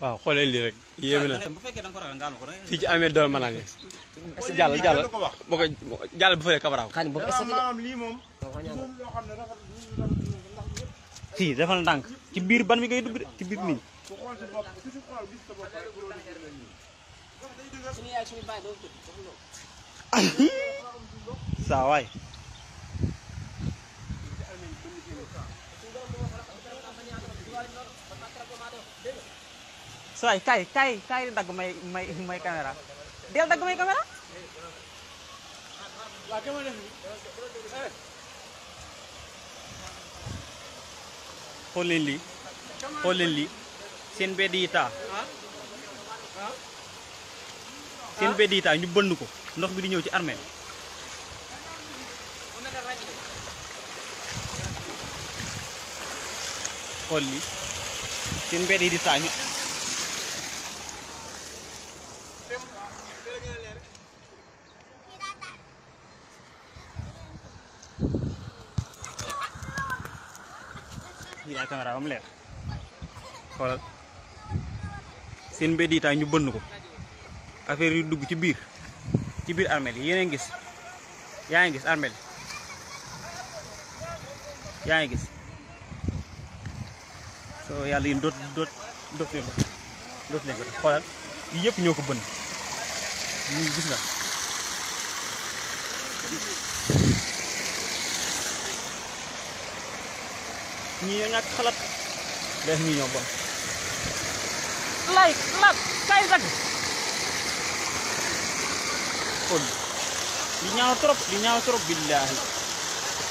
waaw xoolee lii rek yéeme na fii ci amee doon mën a ngi si jàll jàll boo ko jàll bu fële kabaraaw fii defal ndànk ci biir ban mi ngay dugg de ci biir nit ñi sooy kaay kaay kaay di dagg may may may caméra del dagg may caméra xool leen lii xool lii seen bedd yi taa ñu bënn ko ndox bi di ñëw ci armée xool lii seen bedd yi di taa ñu yaay caméra ba mu leer xoolal seen ñu bënn ko affaire yu dugg ci biir ci biir armel yi yéen gis yaa ngi gis armel yaa ngi gis soo yàlla yéen doot doot doot leen ko doot leen ko xoolal yii ñoo ko bënn ñu gis na ñii ñoo ñàkk xalaat def ñii ñoo bon lay laat kay dagg kon li ñaaw trop li ñaaw trop billaahi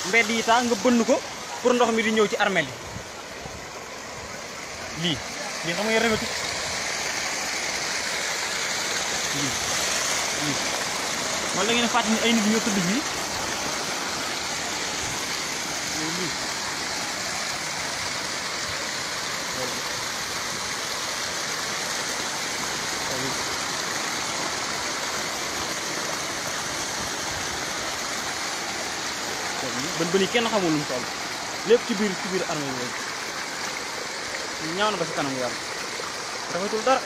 mbedd yi taa nga bënn ko pour ndox mi di ñëw ci armeel yi lii lii xam nga rëbëtu lii lii man la ngeen fàttali ne ay nit ñoo tëdd fii bën bën yi kenn xamul lu mu toll lépp ci biir ci biir armée bi ñaaw na ba si kanam yàlla rafetul dara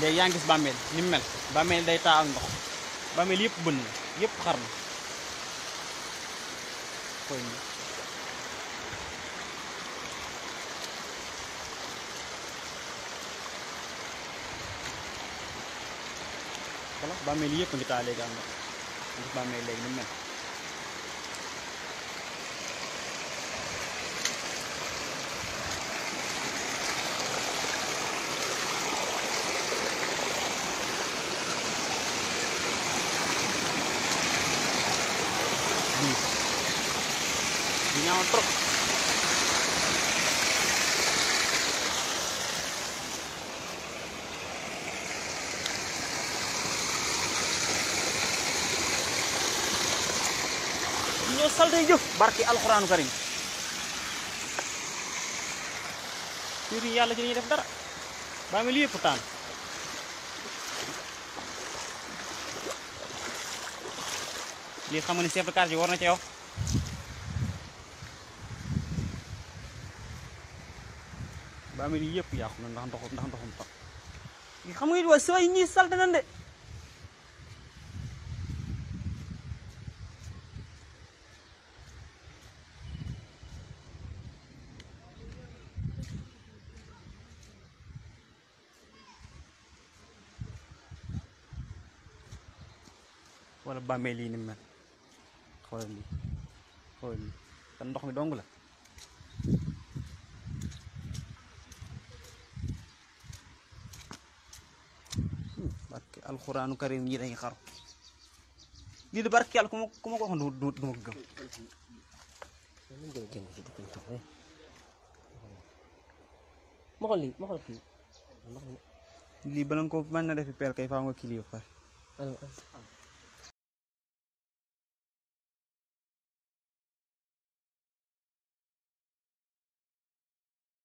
léegi yaa ngi gis bàmmeel ni mel bàmmeel day taa ndox bàmmeel yëpp bënn yëpp xar na koy nii voilà bàmmeel yëpp ngi taa léegi am na bàmmeel léegi ni mel ñaaw trop ñoo saltay jëf barki alxuraanu karim yàlla ci dañuy def dara baa mi lii yëpp ni chef de quartier war na ci bàmmeel yi yëpp yàqu na ndax ndoxum ndax ndoxum xam nga it yi ñuy salte nan de ndox mi dong la alxuraanu karim ñi dañuy xaru lii di barke yàlla ku ma ko waxoon du du gëm lii ma ko mën na defi peel kay faaw nga kii lii